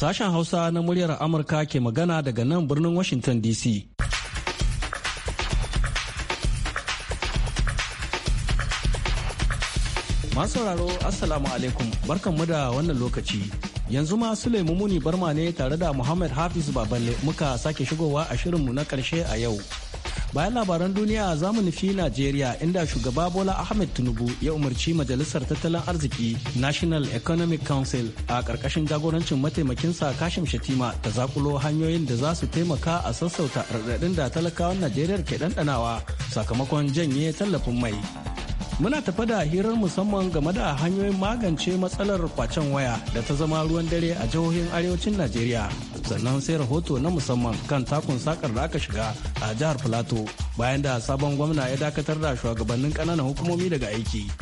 Sashen Hausa na muryar Amurka ke magana daga nan birnin Washington DC. sauraro Assalamu alaikum barkanmu da wannan lokaci. Yanzu ma Sulaimu Muni Barma ne tare da Muhammad Hafiz Baballe muka sake shigowa a shirinmu na karshe a yau. bayan labaran duniya za mu nufi najeriya inda shugaba bola ahmed tinubu ya umarci majalisar tattalin arziki national economic council a ƙarƙashin jagorancin mataimakin sa kashim shatima ta zakulo hanyoyin da za su taimaka a sassauta raɗaɗin da talakawan najeriya ke ɗanɗanawa sakamakon janye tallafin mai Muna tafa da hirar musamman game da hanyoyin magance matsalar kwacen waya da ta zama ruwan dare a jihohin arewacin Najeriya. Sannan sai rahoto na musamman kan takun sakar da aka shiga a jihar Filato bayan da sabon gwamna ya dakatar da shugabannin ƙananan hukumomi daga aiki.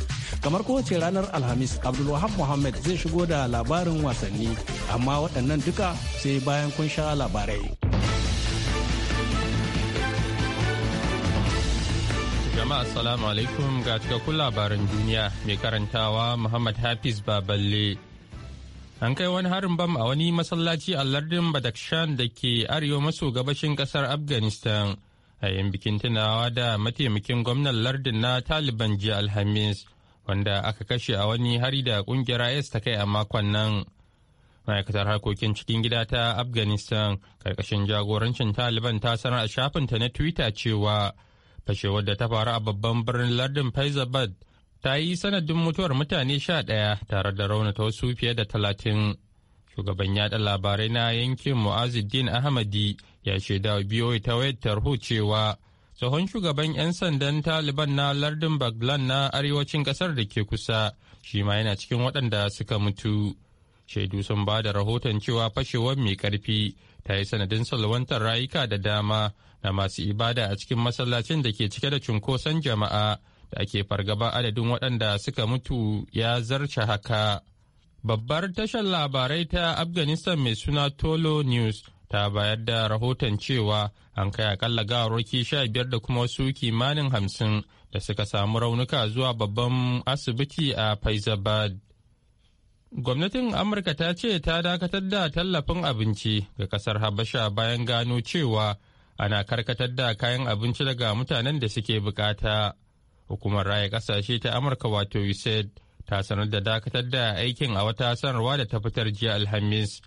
kamar kowace ranar alhamis abdulwahab muhammad zai shigo da labarin wasanni amma waɗannan duka sai bayan kun sha labarai jama'a assalamu alaikum ga cikakkun labaran duniya mai karantawa Muhammad Hafiz Baballe. An kai wani harin bam a wani masallaci a lardin Badakhshan da ke arewa maso gabashin kasar Afghanistan a yin bikin tunawa da mataimakin gwamnan lardin na Taliban jiya Alhamis wanda aka kashe a wani hari da kungiyar IS ta kai a makon nan. Ma'aikatar harkokin cikin gida ta Afghanistan karkashin jagorancin Taliban ta sanar a shafinta na Twitter cewa Fashewar da ta faru a babban birnin lardin Faizabad ta yi sanadin mutuwar mutane sha ɗaya tare da raunata wasu fiye da talatin. Shugaban yaɗa labarai na yankin Mu'azuddin Ahmadi ya shaida biyo ta wayar tarho cewa tsohon shugaban 'yan sandan Taliban na lardin Baglan na arewacin ƙasar da ke kusa shi ma yana cikin waɗanda suka mutu. Shaidu sun ba da rahoton cewa fashewar mai ƙarfi ta yi sanadin salwantar rayuka da dama na masu ibada a cikin masallacin da ke cike da cunkoson jama'a da ake fargaba adadin waɗanda suka mutu ya zarce haka. Babbar tashar labarai ta Afghanistan mai suna Tolo News ta bayar da rahoton cewa an kai akalla gawarwaki sha biyar da kuma wasu kimanin hamsin da suka samu raunuka zuwa babban asibiti a Faizabad. Gwamnatin Amurka ta ce ta dakatar da tallafin abinci ga kasar Habasha bayan gano cewa ana karkatar da kayan abinci daga mutanen da suke bukata. Hukumar raya kasashe ta Amurka wato USAID ta sanar da dakatar da aikin a wata sanarwa da ta fitar jiya Alhamis.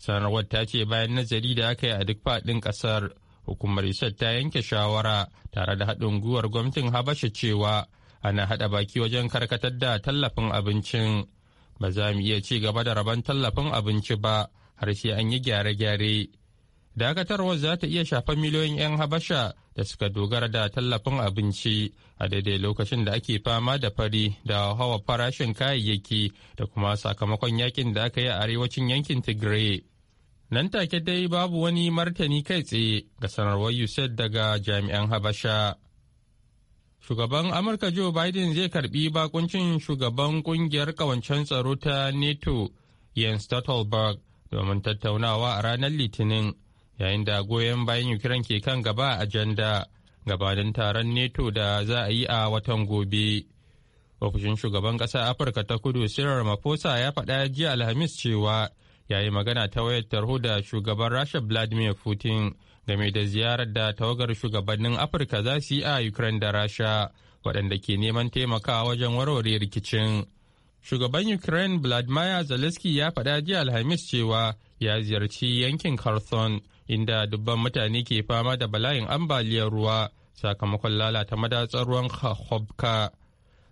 Sanarwar ta ce bayan nazari da aka yi a duk faɗin ƙasar, hukumar USAID ta yanke shawara tare da haɗin gwiwar gwamnatin Habasha cewa ana haɗa baki wajen karkatar da tallafin abincin. Ba za mu iya ci gaba da rabon tallafin abinci ba har sai an yi gyare-gyare. dakatarwar za ta iya shafa miliyoyin 'yan habasha da suka dogara da tallafin abinci a daidai lokacin da ake fama da fari da hawa farashin kayayyaki da kuma sakamakon yakin da aka yi a arewacin yankin tigray nan take dai babu wani martani kai tsaye ga sanarwar usaid daga jami'an habasha shugaban amurka joe biden zai karbi bakuncin shugaban kungiyar kawancen tsaro ta nato jens stoltenberg domin tattaunawa a ranar litinin yayin da goyon bayan ukraine ke kan gaba a ajanda gabanin taron neto da za a yi a watan gobe ofishin shugaban kasa afirka ta kudu sirar mafosa ya faɗa jiya alhamis cewa ya yi magana ta wayar tarho da shugaban rasha vladimir putin game da ziyarar da tawagar shugabannin afirka za su yi a ukraine da rasha waɗanda ke neman taimakawa wajen warware rikicin shugaban ukraine vladimir zelensky ya faɗa jiya alhamis cewa ya ziyarci yankin kherson inda dubban mutane ke fama da bala'in ambaliyar ruwa sakamakon lalata madatsar ruwan Khobka.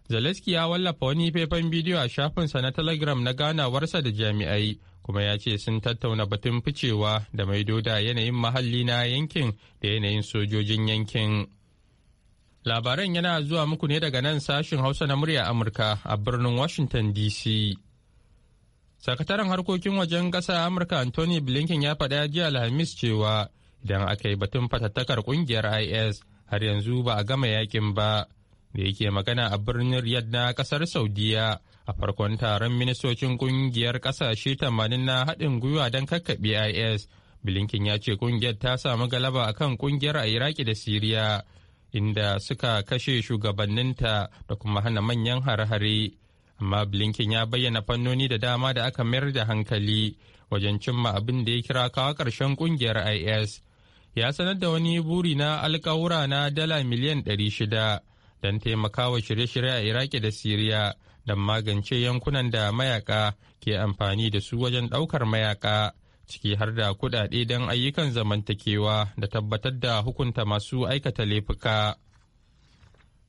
zaleski ya wallafa wani faifan bidiyo a shafinsa na Telegram na ganawarsa da jami'ai kuma ya ce sun tattauna batun ficewa da mai doda yanayin mahalli na yankin da yanayin sojojin yankin. Labaran yana zuwa muku ne daga nan sashin Hausa na murya Amurka a birnin Washington DC. sakataren harkokin wajen ƙasa amurka anthony blinken ya faɗa jiya alhamis cewa idan aka yi batun fatattakar ƙungiyar is har yanzu ba a gama yakin ba da yake magana a birnin riyadh na ƙasar saudiya a farkon taron ministocin ƙungiyar ƙasashe tamanin na haɗin gwiwa don kakkaɓe is blinken ya ce ƙungiyar ta samu galaba a kan ƙungiyar a iraki da siriya inda suka kashe shugabanninta da kuma hana manyan hare-hare amma blinken ya bayyana fannoni da dama da aka mayar da hankali wajen cimma abin da ya kira kawo ƙarshen ƙungiyar is ya sanar da wani buri na alkawura na dala miliyan 600 don taimakawa shirye-shirye a iraki da siriya don magance yankunan da mayaka ke amfani da su wajen ɗaukar mayaka ciki har da kuɗaɗe don ayyukan zamantakewa da tabbatar da hukunta masu aikata laifuka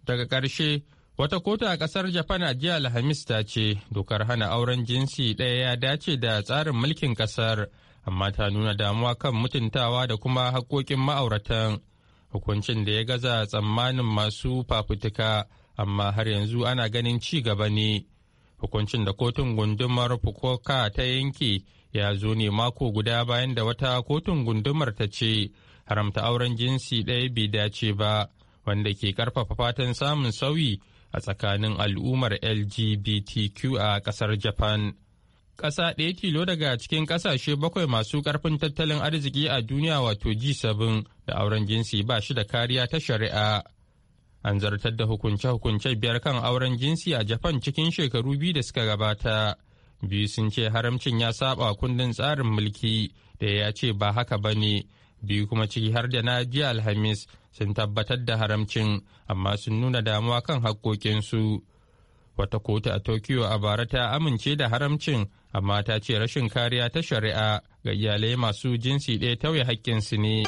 daga ƙarshe Wata kotu a ƙasar Japan a jiya Alhamis ta ce dokar hana auren jinsi ɗaya ya dace da tsarin mulkin ƙasar, amma ta nuna damuwa kan mutuntawa da kuma haƙƙoƙin ma'auratan. Hukuncin da ya gaza tsammanin masu fafutuka, amma har yanzu ana ganin ci gaba ne. Hukuncin da kotun gundumar fukoka ta yanke ya zo ne mako guda bayan da wata kotun gundumar ta ce haramta auren jinsi ɗaya bai dace ba, wanda ke ƙarfafa fatan samun sauyi a tsakanin al'ummar LGBTQ a kasar Japan. kasa ɗaya tilo daga cikin ƙasashe bakwai masu ƙarfin tattalin arziki a duniya wato G7 da auren jinsi ba shi da kariya ta shari'a. An zartar da hukunce-hukunce biyar kan auren jinsi a Japan cikin shekaru biyu da suka gabata. Biyu sun ce haramcin ya saba kundin tsarin mulki da ya ce ba haka ba ne biyu kuma ciki har da na jiya alhamis sun tabbatar da haramcin amma sun nuna damuwa kan haƙƙoƙinsu wata kotu a tokyo a bara ta amince da haramcin amma ta ce rashin kariya ta shari'a ga iyalai masu jinsi ɗaya tauye haƙƙinsu ne.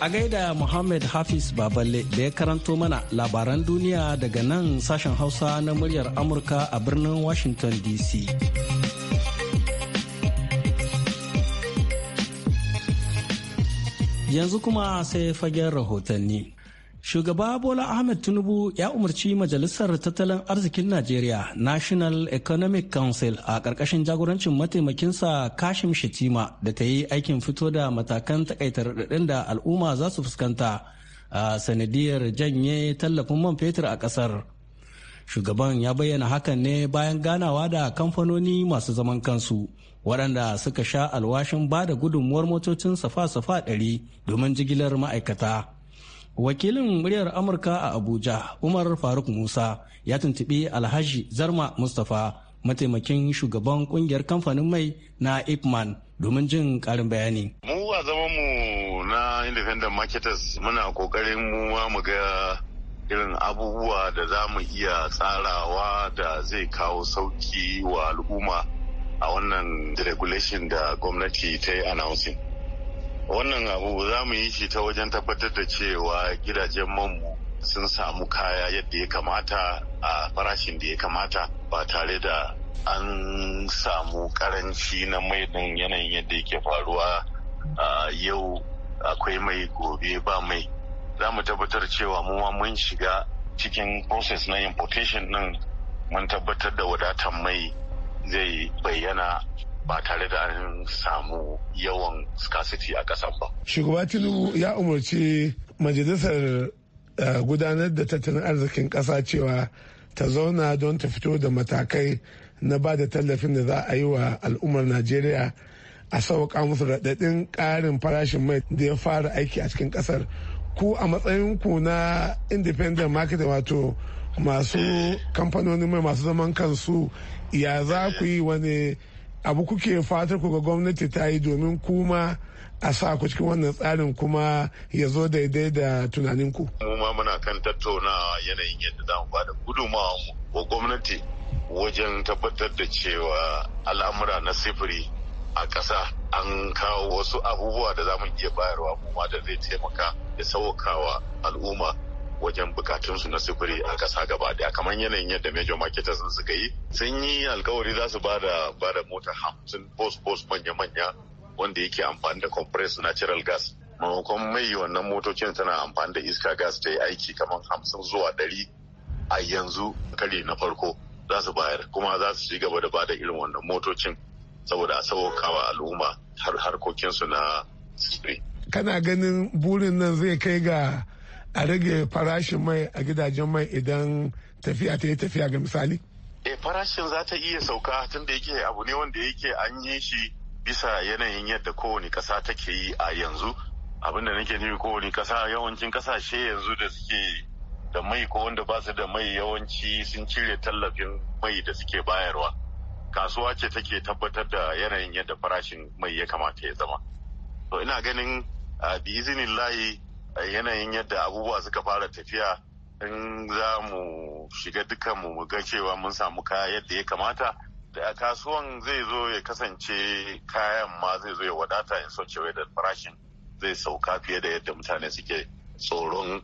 A gaida Muhammad Hafiz Baballe da ya karanto mana labaran duniya daga nan sashen Hausa na muryar Amurka a birnin Washington DC. Yanzu kuma sai fagen rahotanni. Shugaba Bola Ahmed Tinubu ya umarci Majalisar Tattalin Arzikin Najeriya National Economic Council a ƙarƙashin jagorancin mataimakinsa Kashim Shetima da ta yi aikin fito da matakan takaita raɗaɗin da al'umma za su fuskanta a sanadiyar janye tallafin man fetur a ƙasar. Shugaban ya bayyana hakan ne bayan ganawa da kamfanoni masu zaman kansu. waɗanda suka sha alwashin ba da gudunmuwar motocin safa-safa ɗari domin jigilar ma'aikata. wakilin muryar amurka a abuja umar faruk musa ya tuntubi alhaji zarma mustapha mataimakin shugaban kungiyar kamfanin mai na ipman domin jin karin bayani mu a zaman mu na independent marketers muna kokarin mu mu ga irin abubuwa da za mu iya tsarawa da zai kawo sauki wa al'umma a wannan deregulation da gwamnati ta yi announcing wannan abu za mu yi shi ta wajen tabbatar da cewa gidajen manmu sun samu kaya yadda ya kamata a farashin da ya kamata ba tare da an samu karanci na mai din yanayin yadda yake faruwa a yau akwai mai gobe ba mai za mu tabbatar cewa mu ma mun shiga cikin process na importation din mun tabbatar da wadatar mai zai bayyana ba tare da an samu yawan scarcity a kasan ba. Shugaba Tinubu ya umarci majalisar eh, gudanar da tattalin arzikin ƙasa cewa ta zauna don ta fito da matakai na ba da tallafin da za a yi wa al'ummar Najeriya a sauka musu raɗaɗin ƙarin farashin mai da ya fara aiki a cikin ƙasar. Ku a matsayin ku na independent market wato masu kamfanonin mai masu zaman kansu ya za ku yi wani abu kuke fatar ku ga gwamnati ta yi domin kuma a sa ku cikin wannan tsarin kuma ya zo daidai da tunanin ku. Kuma muna kan tattaunawa yanayin yadda za mu bada da wa gwamnati wajen tabbatar da cewa al'amura na sifiri a ƙasa an kawo wasu abubuwa da za mu iya bayarwa kuma da zai taimaka da saukawa al'umma wajen bukatunsu na sufuri a kasa gaba daya kamar yanayin yadda major marketers suka yi sun yi alkawari za su bada bada mota hamsin post post manya manya wanda yake amfani da compressed natural gas maimakon mai wannan motocin tana amfani da iska gas ta yi aiki kamar hamsin zuwa ɗari a yanzu kari na farko za su bayar kuma za su ci gaba da bada irin wannan motocin saboda a sauƙawa al'umma har harkokinsu na sufuri kana ganin burin nan zai kai ga a rage farashin mai a gidajen mai idan tafiya ta yi tafiya ga misali? E farashin za ta iya sauka tun da yake abu ne wanda yake an yi shi bisa yanayin yadda kowane ƙasa take yi a yanzu. Abin da nake nufi kowane ƙasa yawancin ƙasashe yanzu da suke da mai ko wanda ba su da mai yawanci sun cire tallafin mai da suke bayarwa. Kasuwa ce take tabbatar da yanayin yadda farashin mai ya kamata ya zama. To ina ganin ah, bi izinin layi a yanayin yadda abubuwa suka fara tafiya in za mu shiga dukanmu mu ga cewa mun samu kaya yadda ya kamata da kasuwan zai zo ya kasance kayan ma zai zo ya wadata in so cewa da farashin zai sauka fiye da yadda mutane suke tsoron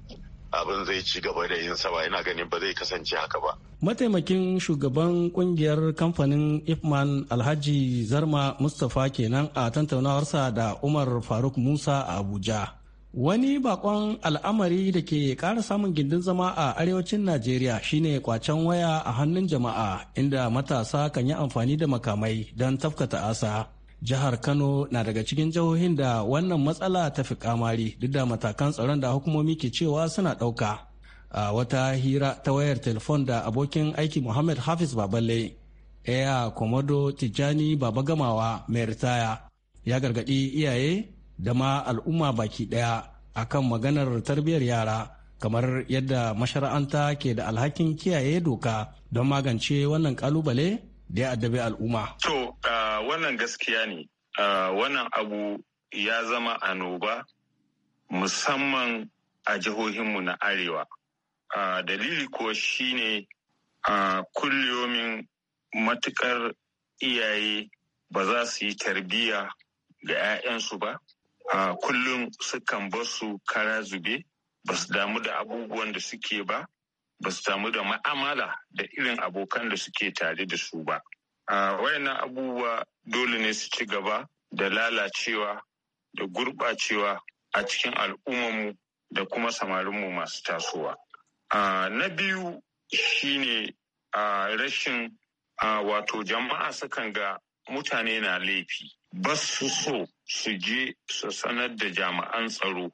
abin zai ci gaba da yin ba ina ganin ba zai kasance haka ba. Mataimakin shugaban kungiyar kamfanin Ifman Alhaji Zarma Mustapha kenan a tantaunawarsa da Umar Faruk Musa a Abuja. Wani bakon al'amari da ke ƙara samun gindin zama a arewacin Najeriya shine kwacen waya a hannun jama'a inda matasa kan yi amfani da makamai don tafkata asa Jihar Kano na daga cikin jihohin da wannan matsala ta fi kamari duk da matakan tsaron da hukumomi ke cewa suna ɗauka. A wata hira ta wayar telefon da abokin aiki Muhammad Hafiz Baballe, Eya Komodo Tijjani Baba Gamawa mai ritaya, ya gargaɗi iyaye da ma al'umma baki ɗaya akan maganar tarbiyyar yara kamar yadda mashara'anta ke da alhakin kiyaye doka don magance wannan kalubale da ya addabi al'umma. To, wannan gaskiya ne, wannan abu ya zama annoba musamman a jihohinmu na Arewa. Dalili kuwa shine kulliyomin matukar iyaye ba za su yi tarbiyya ga 'ya'yansu ba, a kullum sukan bar su kara zube ba su damu da abubuwan da suke ba ba su damu da ma'amala da irin abokan da suke tare da su ba A wayannan abubuwa dole ne su ci gaba da lalacewa da gurɓacewa a cikin al'ummarmu da kuma samarinmu masu tasowa na biyu shine rashin wato jama'a sukan ga mutane na laifi ba su so su je su sanar da jami'an tsaro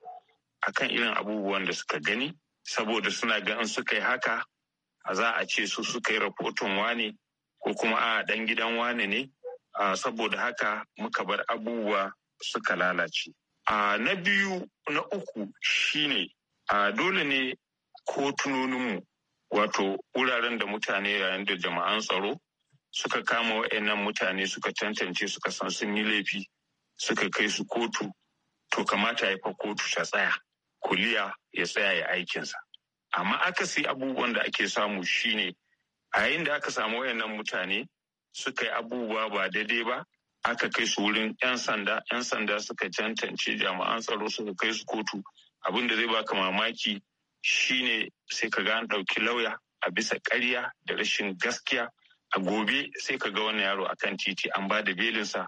akan irin abubuwan da suka gani saboda suna ganin suka yi haka a za a ce su suka yi rahoton wane ko kuma a dan gidan wane ne saboda haka muka bar abubuwa suka lalace na biyu na uku shine a dole ne kotunoninmu wato wuraren da mutane yayin da jama'an tsaro suka kama wa'annan mutane suka tantance suka san sun yi laifi suka kai su kotu to kamata ya fa kotu ta tsaya kuliya ya tsaya ya aikinsa amma aka sai abubuwan da ake samu shine a yayin da aka samu wayannan mutane suka yi abubuwa ba daidai ba aka kai su wurin 'yan sanda 'yan sanda suka tantance jami'an tsaro suka kai su kotu abin da zai baka mamaki shine sai ka ga an ɗauki lauya a bisa karya da rashin gaskiya a gobe sai ka ga wannan yaro akan titi an ba da belinsa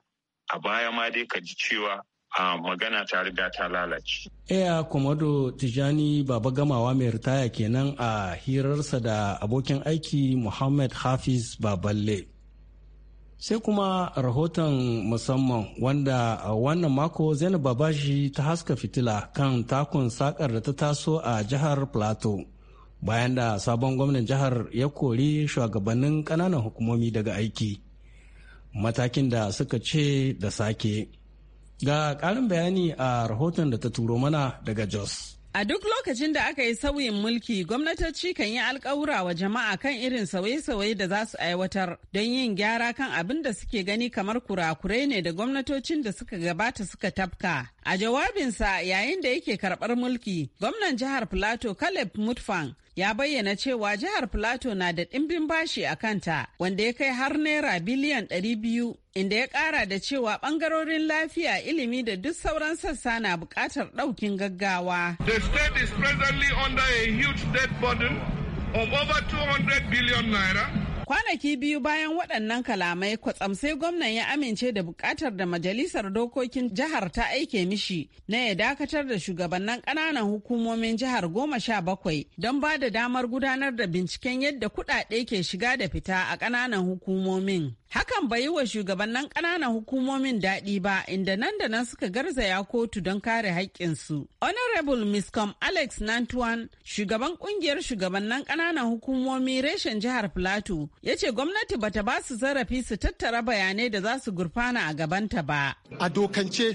a baya ma dai ka ji cewa a magana ta riga ta lalace. Eya Komodo Tijani Baba Gamawa mai ritaya kenan a hirarsa da abokin aiki Muhammad Hafiz Baballe. Sai kuma rahoton musamman wanda a wannan mako Zainab Babashi ta haska fitila kan takun sakar da ta taso a jihar Plateau. bayan da sabon gwamnan jihar ya kori shugabannin kananan hukumomi daga aiki matakin da suka ce da sake ga karin bayani a rahoton da ta turo mana daga jos A duk lokacin da aka yi sauyin mulki, gwamnatoci kan yi alkawura wa jama'a kan irin sauye-sauye da za su aiwatar don yin gyara kan abin da suke gani kamar kurakurai ne da gwamnatocin da suka gabata suka tafka. A jawabinsa yayin da yake karɓar mulki, gwamnan jihar Plateau Caleb Mutfan ya bayyana cewa jihar plato na da ɗimbin bashi a kanta wanda ya kai har naira biliyan 200 inda ya ƙara da cewa ɓangarorin lafiya ilimi da duk sauran sassa na buƙatar ɗaukin gaggawa. The state is presently under a huge debt burden of over 200 billion naira. Kwanaki biyu bayan waɗannan kalamai kwatsam sai gwamnan ya amince da buƙatar da majalisar dokokin jihar ta aike mishi na ya dakatar da shugabannin ƙananan hukumomin jihar goma sha bakwai don ba da damar gudanar da binciken yadda kuɗaɗe ke shiga da fita a ƙananan hukumomin. Hakan bai yi wa shugabannin ƙananan hukumomin daɗi ba inda nan da nan suka garzaya kotu don kare haƙƙinsu. Honorable Miscom Alex Nantuan, shugaban ƙungiyar shugabannin ƙananan hukumomi reshen jihar Plateau, ya ce gwamnati bata ba su zarafi su tattara bayanai da za su gurfana a gabanta ba. A dokance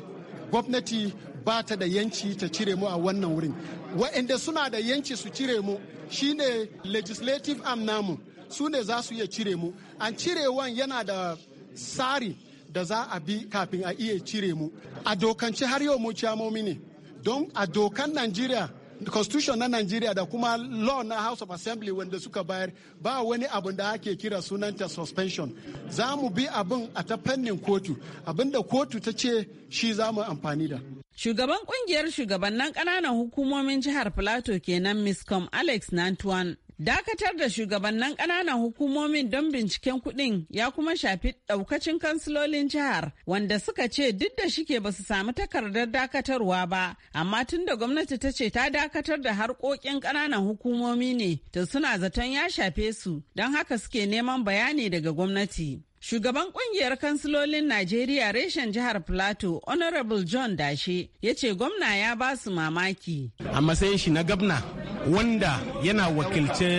gwamnati ba ta da yanci ta cire mu a wannan wurin. Wa'inda suna da yanci su cire mu shine legislative arm namu. su ne za su iya cire mu an cirewan yana da tsari da za a bi kafin a iya cire mu a dokance har yau mu ciyamomi ne don a dokan najeriya constitution na Najeriya da kuma law na House of Assembly wanda suka bayar ba wani abin da ake kira sunanta suspension. Za mu bi abin a ta fannin kotu, abin da kotu ta ce shi za mu amfani da. Shugaban kungiyar shugabannin kananan hukumomin jihar Plateau kenan Miscom Alex Nantuan Dakatar da shugabannin ƙananan hukumomin don binciken kuɗin ya kuma shafi ɗaukacin kansilolin jihar wanda suka ce duk da shike ba su samu takardar dakatarwa ba, amma tun da gwamnati ta ce ta dakatar da harkokin ƙananan hukumomi ne, to suna zaton ya shafe su, don haka suke neman bayani daga gwamnati. Shugaban kungiyar kansilolin Najeriya reshen jihar Plateau, Honorable John Dashe, ya ce gwamna ya ba su mamaki. A matsayin shi na gabna wanda yana wakilce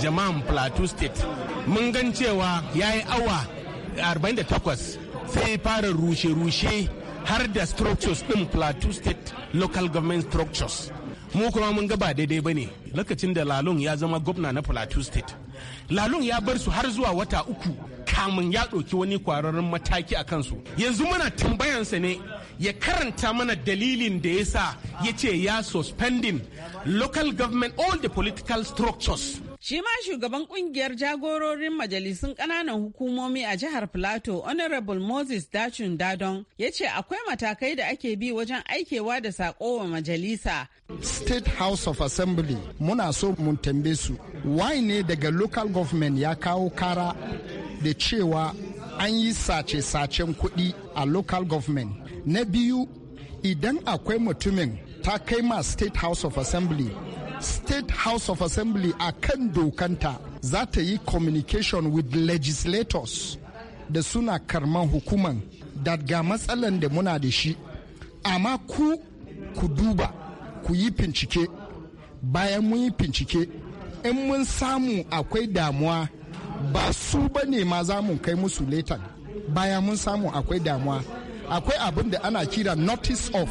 jama'an Plateau State, mun gan cewa ya yi awa 48 sai fara rushe-rushe har da structures ɗin Plateau State local government structures. Mu kuma mun gaba daidai ba ne lokacin da Lalun ya zama gwamna na Plateau State. Lalun ya bar su har zuwa wata uku kamun ya ɗauki wani kwararren mataki a kansu yanzu muna tambayansa ne ya karanta mana dalilin da ya sa ya ce ya suspending local government all the political structures Shi ma shugaban kungiyar jagororin majalisun ƙananan hukumomi a jihar Plateau, Honorable Moses Dachun Dadon, ya ce akwai matakai da ake bi wajen aikewa da saƙo wa majalisa. State House of Assembly muna so mun tambe su, why ne daga local government ya kawo kara da cewa an yi sace-sacen kuɗi a local government na biyu idan akwai mutumin ta kai ma state house of assembly state house of assembly a kan dokanta za ta yi communication with legislators da suna karman hukuman da matsalan da muna da shi amma ku ku duba ku yi bincike bayan mun yi bincike in mun samu akwai damuwa ba su ba ne ma za mu kai musu letan bayan mun samu akwai damuwa akwai abin da ana kira notice of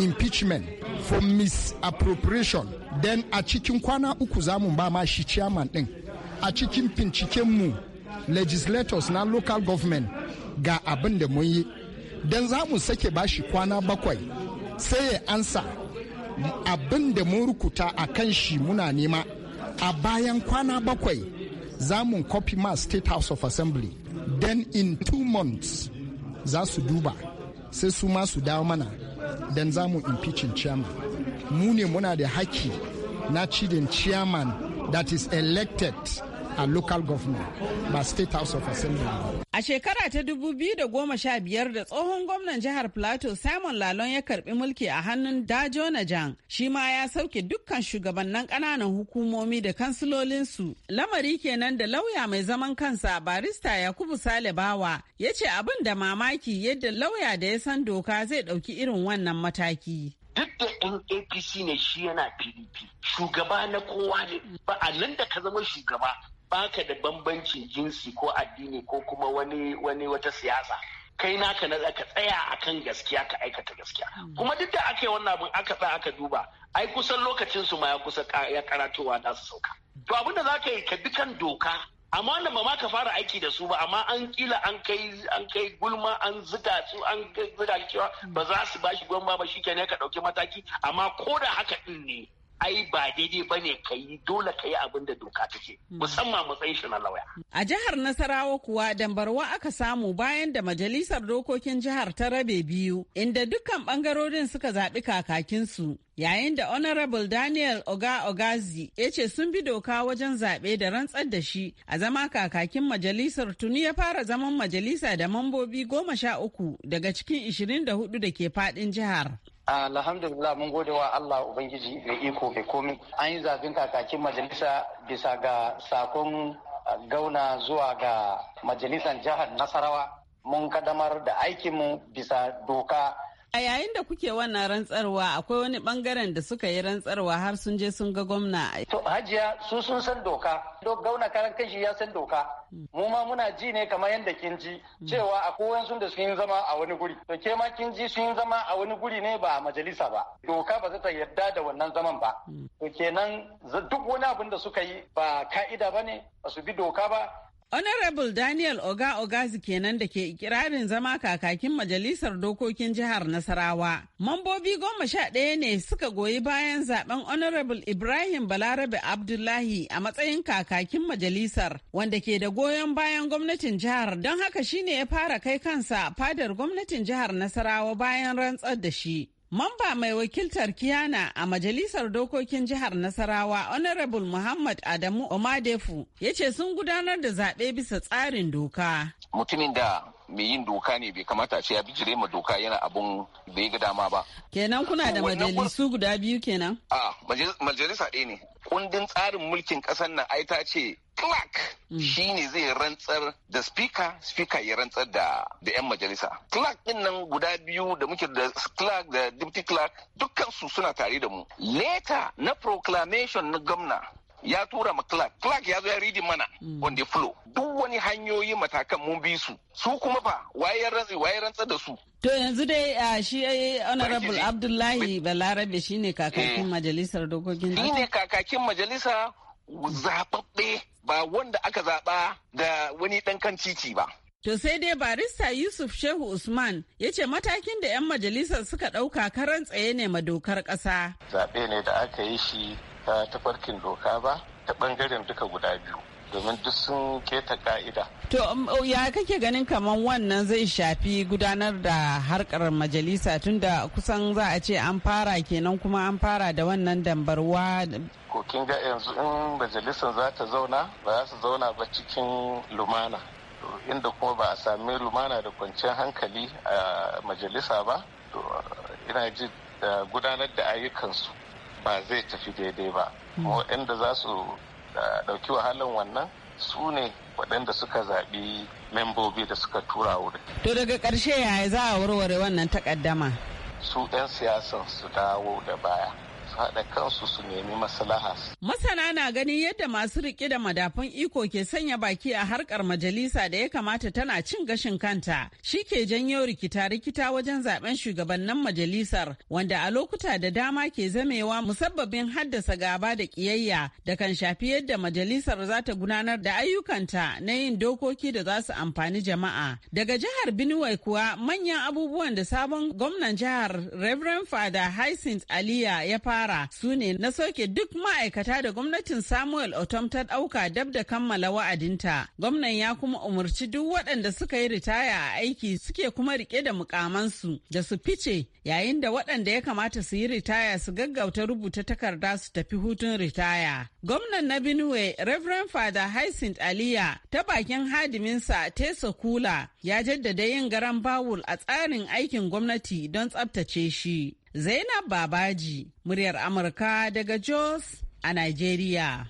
impeachment for misappropriation then a cikin kwana uku za mu ba ma shi chairman din a cikin binciken mu legislators na local government ga abin da mun yi don za mu sake shi kwana bakwai sai ya ansa abin da mun rukuta a kan shi muna nema a bayan kwana bakwai za mu copy ma state house of assembly then in two months za su duba sai su ma su dawo mana then za mu impeaching chairman mu ne muna da haki na cidin chairman that is elected a local government ba state house of assembly a shekara ta 2015 da tsohon gwamnan jihar plateau simon lalon ya karbi mulki a hannun dajo najan shi ma ya sauke dukkan shugabannin kananan hukumomi da kansilolinsu lamari kenan da lauya mai zaman kansa barista yakubu sale bawa ya ce abin da mamaki yadda lauya da ya san doka zai dauki irin wannan mataki duk da apc ne shi yana pdp shugaba na kowa ne ba a nan da ka zama shugaba baka da bambancin jinsi ko addini ko kuma wani wani wata siyasa kai naka na ka tsaya akan gaskiya ka aikata gaskiya hmm. kuma duk da aka yi wannan abin aka tsaya aka duba ai kusan lokacin su ma ya kusa ya karatowa da su sauka to abin da za ka yi ka bi doka amma wanda ba ma ka fara aiki da su ba amma an kila an kai an kai gulma an zuga su an zuga cewa ba za su bashi gwamba ba shikenan ka dauki mataki amma ko da haka din ne ai ba daidai ba ne ka yi dole ka yi abin da doka ta hmm. musamman matsayin shi na lauya. A jihar Nasarawa kuwa dambarwa aka samu bayan da majalisar dokokin jihar ta rabe biyu inda dukkan bangarorin suka zaɓi kakakinsu. Yayin da Honorable Daniel Oga Ogazi ya ce sun bi doka wajen zaɓe da rantsar da shi a zama kakakin majalisar tuni ya fara zaman majalisa da mambobi goma sha uku daga cikin ishirin da hudu da ke faɗin jihar. Alhamdulillah mun gode wa Allah Ubangiji mai iko mai komi. An yi zaɓin kakakin majalisa bisa ga sakon gauna zuwa ga majalisan jihar Nasarawa. Mun kadamar da aikinmu bisa doka A yayin da kuke wannan rantsarwa akwai wani bangaren da suka yi rantsarwa har sun je sun ga gwamna. To hajiya su sun san doka, gauna karan kanshi ya san doka. Mu ma muna ji ne kamar yadda kin ji cewa akwai sun da sun zama a wani guri. To ke ma kin ji sun zama a wani guri ne ba a majalisa ba. Doka ba za ta yarda da wannan zaman ba. Hmm. To kenan duk wani abin da suka yi ba ka'ida ba ne, ba su bi doka ba, Honorable Daniel Oga Ogazi kenan da ke ikirarin zama kakakin Majalisar Dokokin Jihar Nasarawa. Mambobi goma sha ɗaya ne suka goyi bayan zaben Honorable Ibrahim Balarabe Abdullahi a matsayin kakakin Majalisar wanda ke da goyon bayan gwamnatin jihar don haka shine ya fara kai kansa fadar gwamnatin jihar Nasarawa bayan rantsar da shi. Mamba mai wakiltar Kiyana a Majalisar Dokokin Jihar Nasarawa Honorable Muhammad Adamu Omadefu ya ce sun gudanar da zaɓe bisa tsarin doka. Mutumin da mai yin doka ne bai kamata ce ya jire ma doka yana abun da ya ga dama ba. Kenan kuna da majalisu guda biyu kenan? A majalisa ɗaya ne. Kundin tsarin mulkin ƙasar nan ai ta ce clerk mm. shi ne zai rantsar da speaker, speaker ya rantsar da da 'yan majalisa. clerk din nan guda biyu da muke da clerk da Deputy Clark dukkansu suna tare da mu. Leta na proclamation na gwamna ya tura ma clerk clerk ya zo ya reading mana mm. on the floor. Duk wani hanyoyi matakan mun bi su. Su kuma fa waye rantsi waye rantsar da su. To yanzu dai shi eh, Honorable Abdullahi Balarabe shine kakakin eh. majalisar dokokin. Shi ne kakakin majalisa zaɓaɓɓe ba wanda aka zaɓa da wani ɗan kan titi ba. To sai dai barista Yusuf Shehu Usman ya ce matakin da 'yan majalisar suka ɗauka karan tsaye ne ma dokar ƙasa. Zaɓe ne da aka yi shi ta tafarkin doka ba ta ɓangaren duka guda biyu. domin duk sun keta ka'ida. To um, oh, ya kake ganin kamar wannan zai shafi gudanar da harkar majalisa tunda kusan za a ce an fara kenan kuma an fara da wannan dambarwa. Ko kin ga yanzu in majalisar za ta zauna ba za su zauna ba cikin lumana. Inda kuma ba a sami lumana da kwanciyar hankali a majalisa ba, ina ji eh, gudanar da ayyukansu ba zai tafi daidai ba. Waɗanda hmm. za su dauki wahalan wannan su ne waɗanda suka zaɓi membobi da suka tura wuri. To daga ƙarshe yaya za a warware wannan takaddama? Su 'yan siyasan su dawo da baya. faɗa kansu su nemi maslaha. Masana na ganin yadda masu riƙe da madafun iko ke sanya baki a harkar majalisa da ya kamata tana cin gashin kanta shi ke janyo rikita-rikita wajen zaben shugabannin majalisar wanda a lokuta da dama ke zamewa musabbabin haddasa gaba da ƙiyayya da kan shafi yadda majalisar za ta gudanar da ayyukanta na yin dokoki da za su amfani jama'a. Daga jihar Benue kuwa manyan abubuwan da sabon gwamnan jihar Reverend Father Hyacinth Aliya ya fara fara su ne na soke duk ma'aikata da gwamnatin Samuel Otom ta ɗauka dab da kammala wa'adinta. Gwamnan ya kuma umarci duk waɗanda suka yi ritaya a aiki suke kuma rike da mukamansu da su fice yayin da waɗanda ya kamata su yi ritaya su gaggauta rubuta takarda su tafi hutun ritaya. Gwamnan na Benue, Reverend Father Hyacinth Aliya, ta bakin hadiminsa Tesa Kula, ya jaddada yin garan bawul a tsarin aikin gwamnati don tsabtace shi. Zainab Babaji, muryar Amurka daga Jos a Nigeria.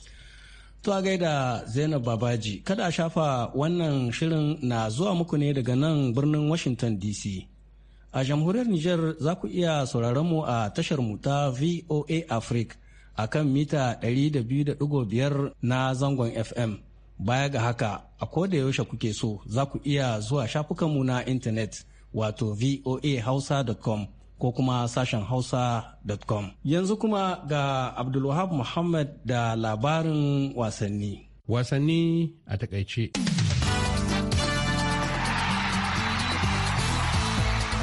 To a gaida Zainab Babaji, kada shafa wannan shirin na zuwa muku ne daga nan birnin Washington DC. A jamhuriyar Nijar za ku iya sauraron mu a tashar mu ta VOA Africa a kan mita 200.5 na zangon FM. Baya ga haka, a da yaushe kuke so za ku iya zuwa shafukanmu na intanet wato voahausa.com ko kuma sashen hausa.com. Yanzu kuma ga Abdulwahab Muhammad da labarin wasanni. Wasanni a takaice.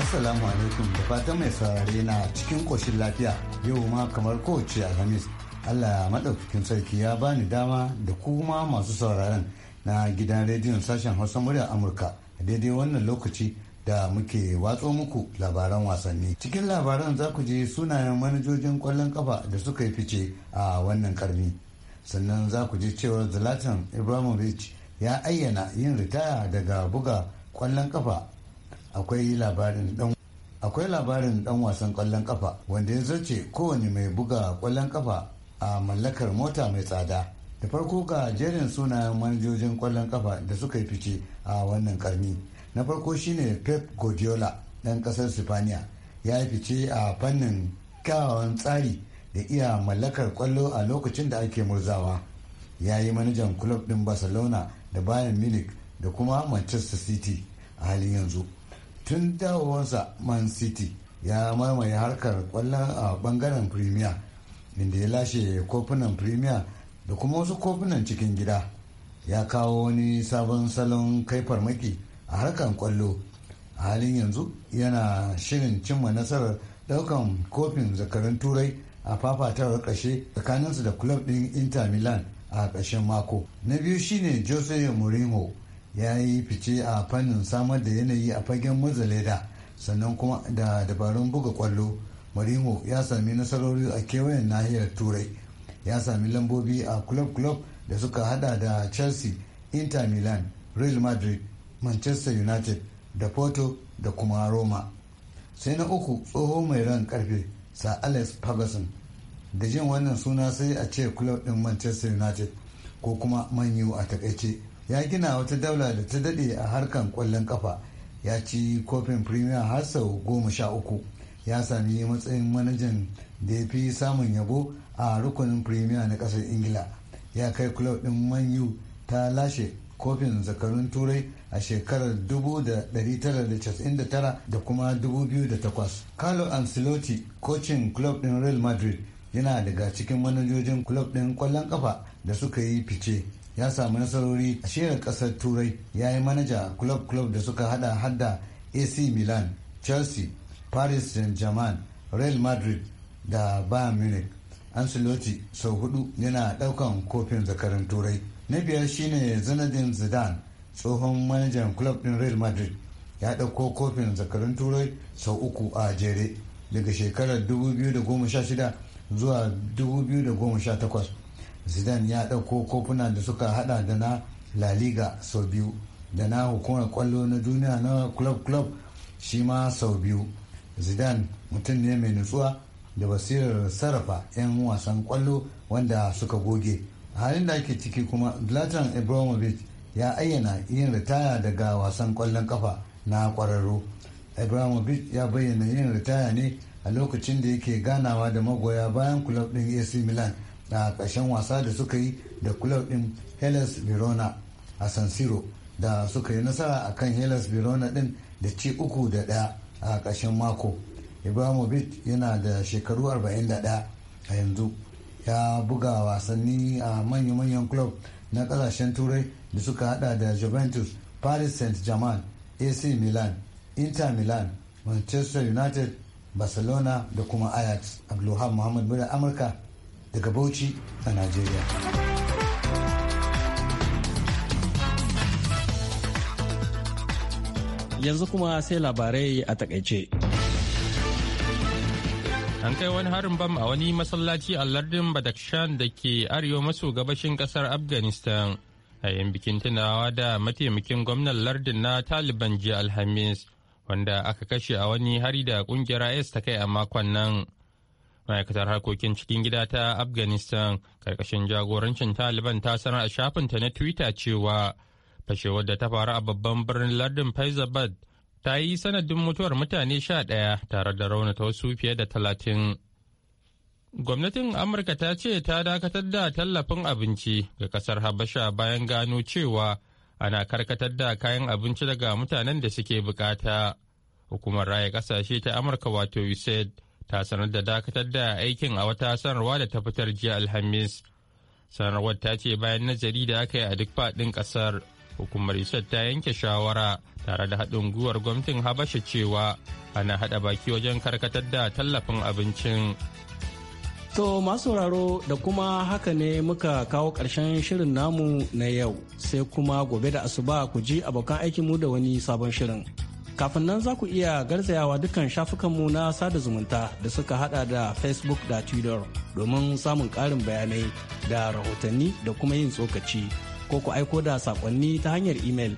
Assalamu alaikum da fatan mai saurare na cikin koshin lafiya yau ma kamar kowace alhamis. Allah maɗaukakin sarki ya bani dama da kuma masu sauraron na gidan rediyon sashen hausa murya Amurka daidai wannan lokaci da muke watso muku labaran wasanni. Cikin labaran za ku ji sunayen manajojin kwallon kafa da suka yi fice a wannan karni. Sannan za ku ji cewar Zlatan Ibrahimovic ya ayyana yin ritaya daga buga kwallon kafa. Akwai labarin dan wasan kwallon kafa wanda ya zace kowane mai buga kwallon kafa a mallakar mota mai tsada. Da farko ga jerin sunayen manajojin kwallon kafa da suka yi fice a wannan karni. na farko shine pep guardiola ɗan ƙasar sifaniya ya yi fice a fannin kyawawan tsari da iya mallakar kwallo a lokacin da ake murzawa ya yi manajan club din barcelona da bayan munich da kuma manchester city a halin yanzu tun dawowarsa man city ya mamaye harkar kwallon a bangaren premier inda ya lashe kofunan premier da kuma wasu kofunan cikin gida ya kawo wani sabon salon kai farmaki a harkar kwallo a halin yanzu yana shirin cimma nasarar daukan kofin zakarin turai a fafatawar ƙashe tsakaninsu da club ɗin inter milan a ƙarshen mako na biyu shine jose mourinho ya yi fice a fannin samar da yanayi a fagen mazaleda sannan kuma da dabarun buga kwallo mourinho ya sami nasarori a kewayen nahiyar turai ya sami lambobi a club club da suka hada da chelsea inter milan real madrid manchester united da porto da kuma roma sai na uku tsoho mai ran karfe sir alex ferguson da jin wannan suna sai a ce club din manchester united ko kuma manyu a takaice ya gina wata daula da ta dade a harkan kwallon kafa ya ci kofin premier har sau goma sha uku ya sami matsayin manajan da ya fi samun yabo a rukunin premier na kasar ingila ya kai club din manyu ta lashe kofin zakarun turai a shekarar 1999 da kuma 2008 carlo ancelotti kocin club din real madrid yana daga cikin manajojin club din kwallon kafa da suka yi fice ya samu nasarori a shirin kasar turai ya yi manaja club club da suka hada hada ac milan chelsea paris saint-germain real madrid da bayern munich ancelotti sau hudu yana daukan kofin zakarin turai na biyar shine Zinedine zidane tsohon manajan club din real madrid ya ɗauko kofin zakarun turai sau uku a jere daga shekarar 2016 zuwa 2018 zidane ya ɗauko kofuna da suka hada da na la liga sau biyu da na hukumar kwallo na duniya na club club shi ma sau biyu zidane mutum ne mai nutsuwa da basirar sarrafa 'yan wasan kwallo wanda suka goge halin da ake ciki kuma zlatan ibrahimovic ya ayyana yin ritaya daga wasan kwallon kafa na kwararru ibrahimovic ya bayyana yin ritaya ne a lokacin da yake ganawa da magoya bayan kulob din ac milan a ƙarshen wasa da suka yi da kulob din hellas verona a san siro da suka yi nasara a kan hellas verona din da ci uku da ɗaya a ƙarshen mako ibrahimovic yana da shekaru 41 a yanzu ya buga wasanni a manya-manyan kulob na kasashen turai da suka hada da juventus paris saint-germain ac milan inter milan manchester united barcelona da kuma ajax abdulhamid muhammad mura amurka daga bauchi a nigeria yanzu kuma sai labarai a takaice An kai wani harin bam a wani masallaci a lardin Badakshan da ke arewa maso gabashin kasar Afghanistan a yin bikin tunawa da mataimakin gwamnan lardin na Taliban jiya Alhamis wanda aka kashe a wani hari da kungiyar IS ta kai a makon nan. Ma'aikatar harkokin cikin gida ta Afghanistan karkashin jagorancin Taliban ta sanar a shafinta na Twitter cewa fashewar da ta faru a babban birnin lardin Faizabad ta yi sanadin mutuwar mutane sha ɗaya tare da raunata wasu fiye da talatin. Gwamnatin Amurka ta ce ta dakatar da tallafin abinci ga kasar Habasha bayan gano cewa ana karkatar da kayan abinci daga mutanen da suke bukata. Hukumar raya kasashe ta Amurka wato USAID ta sanar da dakatar da aikin a wata sanarwa da ta fitar jiya Alhamis. Sanarwar ta ce bayan nazari da aka yi a duk faɗin ƙasar. hukumar USAID ta yanke shawara tare da haɗin guwar gwamnatin Habasha cewa ana haɗa baki wajen karkatar da tallafin abincin. To masu sauraro da kuma haka ne muka kawo ƙarshen shirin namu na yau sai kuma gobe da asuba ku ji abokan mu da wani sabon shirin. Kafin nan za ku iya garzayawa dukkan shafukanmu na sada zumunta da suka hada da Facebook da Twitter domin samun ƙarin bayanai da rahotanni da kuma yin tsokaci. ko ku aiko da sakonni ta hanyar imel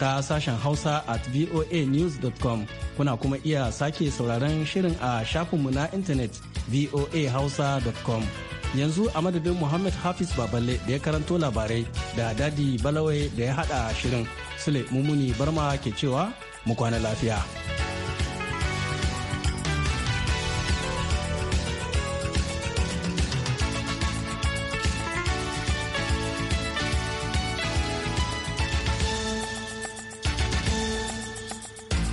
ta sashen hausa at voanews.com kuna kuma iya sake sauraron shirin a shafinmu na intanet voahausa.com yanzu a madadin muhammad hafiz baballe da ya karanto labarai da dadi balawai da ya hada shirin sule mummuni barma ke cewa mu kwana lafiya.